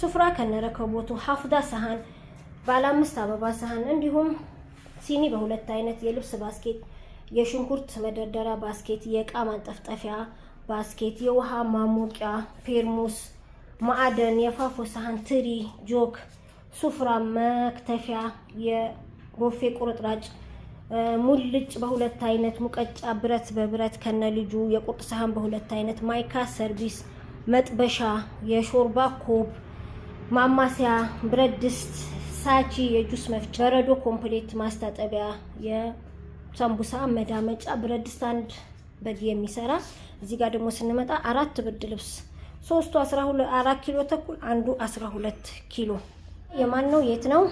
ሱፍራ ከነረከቦቱ፣ ሀፍዳ ሰሀን ባለ አምስት አበባ ሰሃን እንዲሁም ሲኒ በሁለት አይነት፣ የልብስ ባስኬት፣ የሽንኩርት መደርደሪያ ባስኬት፣ የእቃ ማንጠፍጠፊያ ባስኬት፣ የውሃ ማሞቂያ ፔርሙስ፣ ማዕደን፣ የፋፎ ሰሀን ትሪ፣ ጆክ፣ ሱፍራ መክተፊያ፣ የቦፌ ቁርጥራጭ ሙልጭ በሁለት አይነት ሙቀጫ፣ ብረት በብረት ከነ ልጁ፣ የቁርጥ ሳህን በሁለት አይነት ማይካ፣ ሰርቪስ፣ መጥበሻ፣ የሾርባ ኮብ ማማሰያ፣ ብረት ድስት፣ ሳቺ፣ የጁስ መፍጫ፣ በረዶ፣ ኮምፕሌት ማስታጠቢያ፣ የሰንቡሳ መዳመጫ፣ ብረት ድስት አንድ በግ የሚሰራ እዚህ ጋር ደግሞ ስንመጣ አራት ብርድ ልብስ ሶስቱ 12 አራት ኪሎ ተኩል አንዱ 12 ኪሎ የማን ነው የት ነው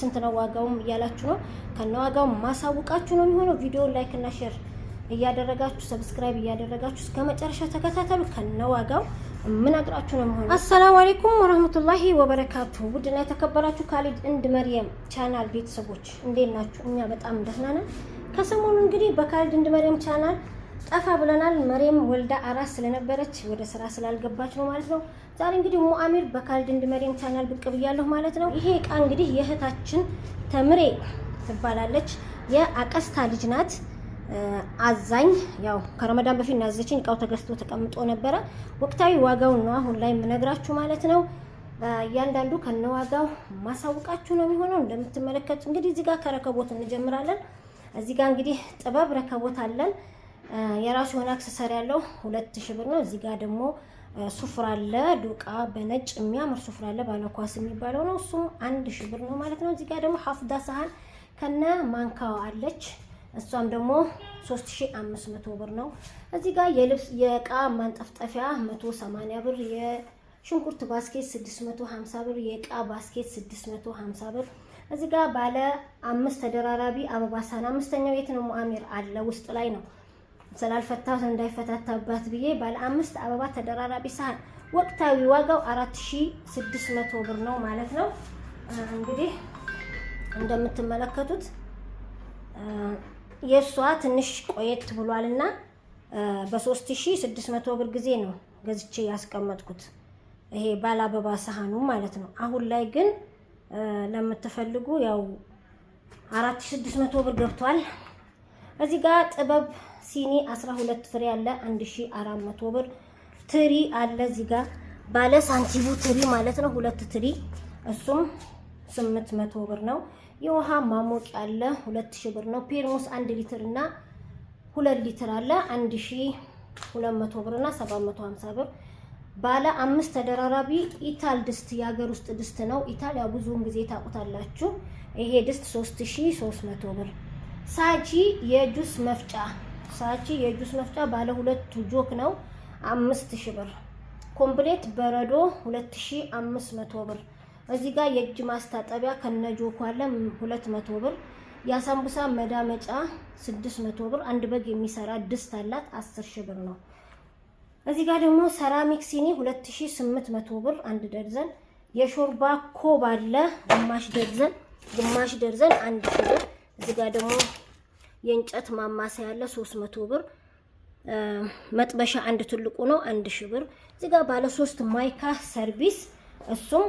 ስንት ነው ዋጋውም እያላችሁ ነው ከነ ዋጋው ማሳውቃችሁ ነው የሚሆነው ቪዲዮውን ላይክ እና ሼር እያደረጋችሁ ሰብስክራይብ እያደረጋችሁ እስከ መጨረሻ ተከታተሉ ከነ ዋጋው ምን አቅራችሁ ነው መሆኑ? አሰላሙ አለይኩም ወራህመቱላሂ ወበረካቱ። ውድና የተከበራችሁ ካሊድ እንድ መርየም ቻናል ቤተሰቦች እንዴት ናችሁ? እኛ በጣም ደህና ነን። ከሰሞኑ እንግዲህ በካሊድ እንድ መርየም ቻናል ጠፋ ብለናል። መርየም ወልዳ አራስ ስለነበረች ወደ ስራ ስላልገባች ነው ማለት ነው። ዛሬ እንግዲህ ሙአሚር በካሊድ እንድ መርየም ቻናል ብቅ ብያለሁ ማለት ነው። ይሄ እቃ እንግዲህ የእህታችን ተምሬ ትባላለች። የአቀስታ ልጅ ናት። አዛኝ ያው ከረመዳን በፊት ናዘችኝ። እቃው ተገዝቶ ተቀምጦ ነበረ። ወቅታዊ ዋጋውን ነው አሁን ላይ የምነግራችሁ ማለት ነው። እያንዳንዱ ከነዋጋው ማሳውቃችሁ ነው የሚሆነው። እንደምትመለከቱ እንግዲህ እዚህ ጋር ከረከቦት እንጀምራለን። እዚህ ጋር እንግዲህ ጥበብ ረከቦት አለን። የራሱ የሆነ አክሰሰሪ ያለው ሁለት ሺህ ብር ነው። እዚህ ጋር ደግሞ ሱፍራ አለ። ዶቃ በነጭ የሚያምር ሱፍራ አለ። ባለኳስ የሚባለው ነው። እሱም አንድ ሺህ ብር ነው ማለት ነው። እዚህ ጋር ደግሞ ሀፍዳ ሳህን ከነ ማንካዋ አለች። እሷም ደግሞ 3500 ብር ነው። እዚህ ጋር የልብስ የእቃ ማንጠፍጠፊያ 180 ብር፣ የሽንኩርት ባስኬት 650 ብር፣ የእቃ ባስኬት 650 ብር። እዚህ ጋር ባለ አምስት ተደራራቢ አበባ ሳህን አምስተኛው የት ነው ሙአሚር አለ ውስጥ ላይ ነው ስላልፈታሁት እንዳይፈታታባት ብዬ ባለ አምስት አበባ ተደራራቢ ሳህን ወቅታዊ ዋጋው 4600 ብር ነው ማለት ነው። እንግዲህ እንደምትመለከቱት የእሷ ትንሽ ቆየት ብሏልና በ3600 ብር ጊዜ ነው ገዝቼ ያስቀመጥኩት ይሄ ባለ አበባ ሳህኑ ማለት ነው። አሁን ላይ ግን ለምትፈልጉ ያው 4600 ብር ገብቷል። እዚህ ጋር ጥበብ ሲኒ 12 ፍሬ አለ 1400 ብር። ትሪ አለ እዚህ ጋር ባለ ሳንቲቡ ትሪ ማለት ነው። ሁለት ትሪ እሱም 800 ብር ነው። የውሃ ማሞቂያ አለ፣ 2000 ብር ነው። ፔርሙስ 1 ሊትር እና 2 ሊትር አለ፣ 1200 ብር እና 750 ብር። ባለ አምስት ተደራራቢ ኢታል ድስት የሀገር ውስጥ ድስት ነው። ኢታሊያ ብዙውን ጊዜ ታውቁታላችሁ። ይሄ ድስት 3300 ብር። ሳቺ የጁስ መፍጫ ሳቺ የጁስ መፍጫ ባለ ሁለቱ ጆክ ነው፣ 5000 ብር። ኮምፕሌት በረዶ 2500 ብር። እዚህ ጋር የእጅ ማስታጠቢያ ከነጆኩ አለ 200 ብር። የአሳምቡሳ መዳመጫ 600 ብር። አንድ በግ የሚሰራ ድስት አላት 10 ሺህ ብር ነው። እዚህ ጋር ደግሞ ሰራሚክ ሲኒ 2800 ብር አንድ ደርዘን። የሾርባ ኮብ አለ ግማሽ ደርዘን ግማሽ ደርዘን አንድ ሺህ ብር። እዚህ ጋር ደግሞ የእንጨት ማማሰያ ያለ 300 ብር። መጥበሻ አንድ ትልቁ ነው አንድ ሺህ ብር። እዚህ ጋር ባለ 3 ማይካ ሰርቪስ እሱም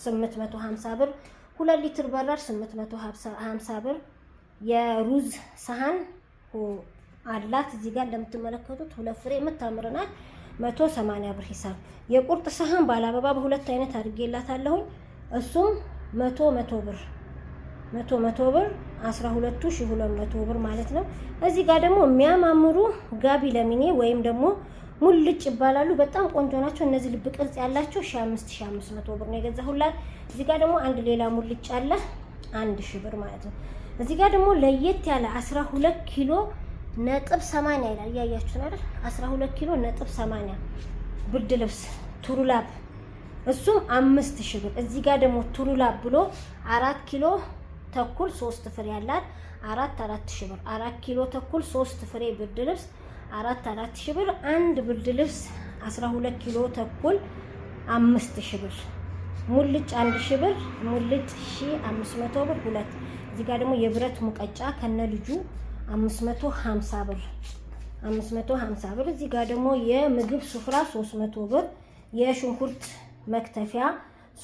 850 ብር፣ 2 ሊትር በራድ 850 ብር። የሩዝ ሰሃን አላት እዚህ ጋር እንደምትመለከቱት ሁለት ፍሬ የምታምር ናት። 180 ብር ሂሳብ። የቁርጥ ሰሃን ባለ በሁለት አይነት አድርጌላታለሁ። እሱም 100 100 ብር 100 100 ብር 12 ሺህ 200 ብር ማለት ነው። እዚህ ጋር ደግሞ የሚያማምሩ ጋቢ ለሚኔ ወይም ደግሞ ሙልጭ ይባላሉ። በጣም ቆንጆ ናቸው። እነዚህ ልብ ቅርጽ ያላቸው ሺህ ብር ነው የገዛሁላት። እዚህ ጋር ደግሞ አንድ ሌላ ሙልጭ አለ አንድ ሺህ ብር ማለት ነው። እዚህ ጋር ደግሞ ለየት ያለ 12 ኪሎ ነጥብ ሰማንያ ይላል። ነው አይደል? 12 ኪሎ ነጥብ 80 ብርድ ልብስ ቱሩላብ እሱም አምስት ብር። እዚህ ጋር ደግሞ ቱሩላብ ብሎ 4 ኪሎ ተኩል ሶስት ፍሬ ያላት አራት አራት ሺህ ብር አራት ኪሎ ተኩል ሶስት ፍሬ ብርድ ልብስ አራት አራት ሺህ ብር አንድ ብርድ ልብስ 12 ኪሎ ተኩል አምስት ሺህ ብር ሙልጭ አንድ ብር ሙልጭ 1500 ብር ሁለት እዚህ ጋር ደግሞ የብረት ሙቀጫ ከነ ልጁ 550 ብር 550 ብር እዚህ ጋር ደግሞ የምግብ ስፍራ 300 ብር የሽንኩርት መክተፊያ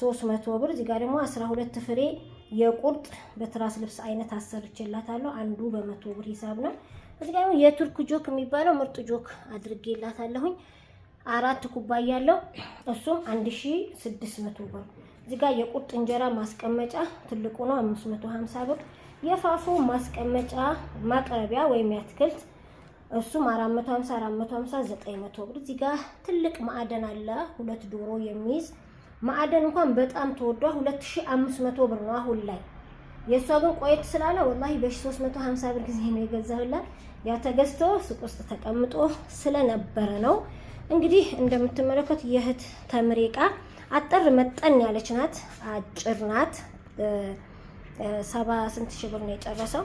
300 ብር እዚህ ጋር ደግሞ 12 ፍሬ የቁርጥ በትራስ ልብስ አይነት አሰርቼላታለሁ። አንዱ በመቶ ብር ሂሳብ ነው። እዚህ ጋር የቱርክ ጆክ የሚባለው ምርጥ ጆክ አድርጌላታለሁኝ። አራት ኩባያ አለው። እሱም 1600 ብር። እዚህ ጋር የቁርጥ እንጀራ ማስቀመጫ ትልቁ ነው 550 ብር። የፋፎ ማስቀመጫ ማቅረቢያ ወይም ያትክልት እሱም 450 450 900 ብር። እዚህ ጋር ትልቅ ማዕደን አለ ሁለት ዶሮ የሚይዝ ማዕደን እንኳን በጣም ተወዷ 2500 ብር ነው አሁን ላይ። የእሷ ግን ቆየት ስላለ ወላሂ በ350 ብር ጊዜ ነው የገዛሁላት። ያ ተገዝቶ ሱቅ ውስጥ ተቀምጦ ስለነበረ ነው። እንግዲህ እንደምትመለከቱ የእህት ተምሬ አጠር መጠን ያለች ናት፣ አጭር ናት። ሰባ ስንት ሺህ ብር ነው የጨረሰው።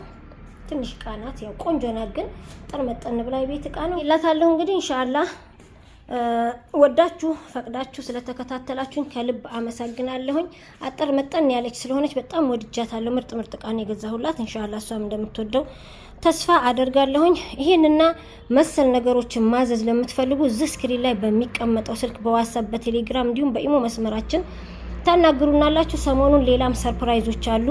ትንሽ እቃ ናት፣ ያው ቆንጆ ናት። ግን አጠር መጠን ብላ የቤት እቃ ነው ይላታለሁ። እንግዲህ እንሻላ ወዳችሁ ፈቅዳችሁ ስለተከታተላችሁኝ ከልብ አመሰግናለሁኝ። አጠር መጠን ያለች ስለሆነች በጣም ወድጃታለሁ። ምርጥ ምርጥ ቃን የገዛሁላት እንሻላ እሷም እንደምትወደው ተስፋ አደርጋለሁኝ። ይህንና መሰል ነገሮችን ማዘዝ ለምትፈልጉ እዚህ ስክሪን ላይ በሚቀመጠው ስልክ በዋትሳፕ በቴሌግራም እንዲሁም በኢሞ መስመራችን ታናግሩናላችሁ። ሰሞኑን ሌላም ሰርፕራይዞች አሉ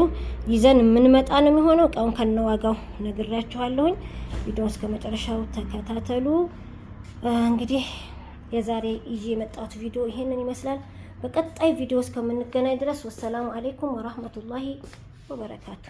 ይዘን የምንመጣ ነው የሚሆነው። እቃውን ከነዋጋው ነግሬያችኋለሁኝ። ቪዲዮ እስከ መጨረሻው ተከታተሉ እንግዲህ የዛሬ ይዤ የመጣሁት ቪዲዮ ይሄንን ይመስላል። በቀጣይ ቪዲዮ እስከምንገናኝ ድረስ ወሰላሙ አሌይኩም ወራህመቱላሂ ወበረካቱ።